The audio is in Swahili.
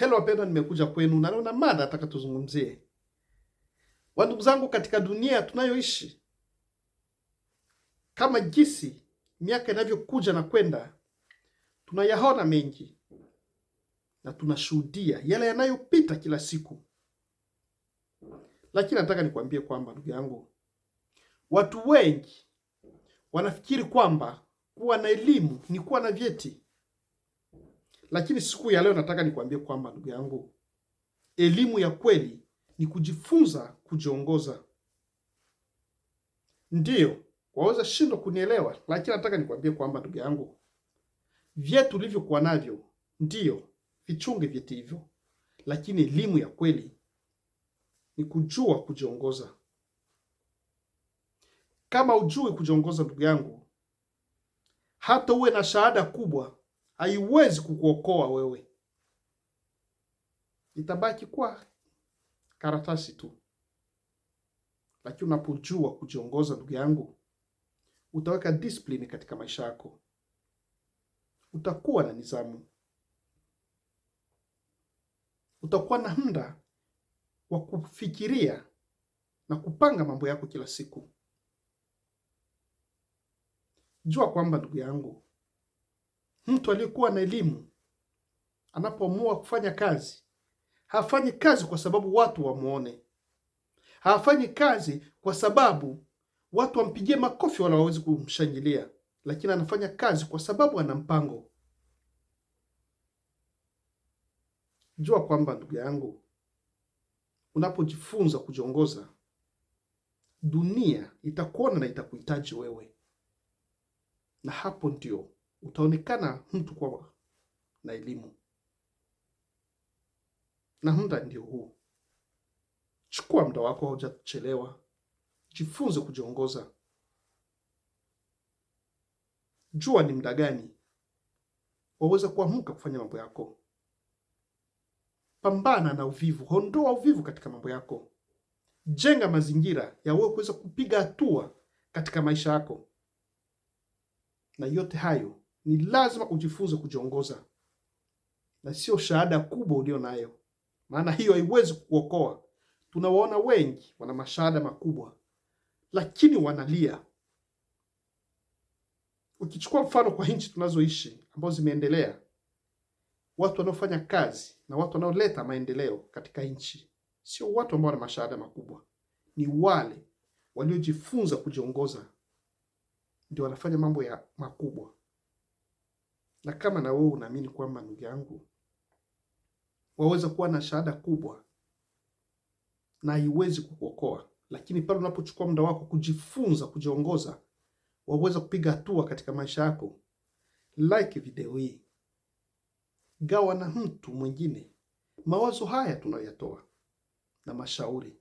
Hello wapendwa, nimekuja kwenu na leo na mada nataka tuzungumzie. Wandugu zangu, katika dunia tunayoishi, kama jinsi miaka inavyokuja na kwenda, tunayaona mengi na tunashuhudia yale yanayopita kila siku, lakini nataka nikwambie kwamba ndugu yangu, watu wengi wanafikiri kwamba kuwa na elimu ni kuwa na vyeti lakini siku ya leo nataka nikwambie kwamba ndugu yangu, elimu ya kweli ni kujifunza kujiongoza. Ndiyo, waweza shindwa kunielewa, lakini nataka nikwambie kwamba ndugu yangu, vyetu ulivyokuwa navyo ndiyo vichunge vyeti hivyo, lakini elimu ya kweli ni kujua kujiongoza. Kama ujui kujiongoza, ndugu yangu, hata uwe na shahada kubwa haiwezi kukuokoa wewe, itabaki kwa karatasi tu. Lakini unapojua kujiongoza, ndugu yangu, utaweka discipline katika maisha yako, utakuwa na nidhamu, utakuwa na muda wa kufikiria na kupanga mambo yako kila siku. Jua kwamba ndugu yangu mtu aliyekuwa na elimu anapoamua kufanya kazi, hafanyi kazi kwa sababu watu wamuone, hafanyi kazi kwa sababu watu wampigie makofi wala wawezi kumshangilia, lakini anafanya kazi kwa sababu ana mpango. Jua kwamba ndugu yangu, unapojifunza kujiongoza, dunia itakuona na itakuhitaji wewe, na hapo ndio utaonekana mtu kwa na elimu. Na muda ndio huu, chukua muda wako, haujachelewa. Jifunze kujiongoza, jua ni muda gani waweza kuamka kufanya mambo yako. Pambana na uvivu, hondoa uvivu katika mambo yako, jenga mazingira ya wewe kuweza kupiga hatua katika maisha yako, na yote hayo ni lazima ujifunze kujiongoza, na sio shahada kubwa ulio nayo, maana hiyo haiwezi kuokoa. Tunawaona wengi wana mashahada makubwa, lakini wanalia. Ukichukua mfano kwa nchi tunazoishi ambazo zimeendelea, watu wanaofanya kazi na watu wanaoleta maendeleo katika nchi sio watu ambao wana mashahada makubwa, ni wale waliojifunza kujiongoza, ndio wanafanya mambo ya makubwa. Na kama na wewe unaamini kwamba ndugu yangu waweza kuwa na shahada kubwa na haiwezi kukuokoa, lakini pale unapochukua muda wako kujifunza kujiongoza, waweza kupiga hatua katika maisha yako. Like video hii, gawa na mtu mwingine mawazo haya tunayoyatoa na mashauri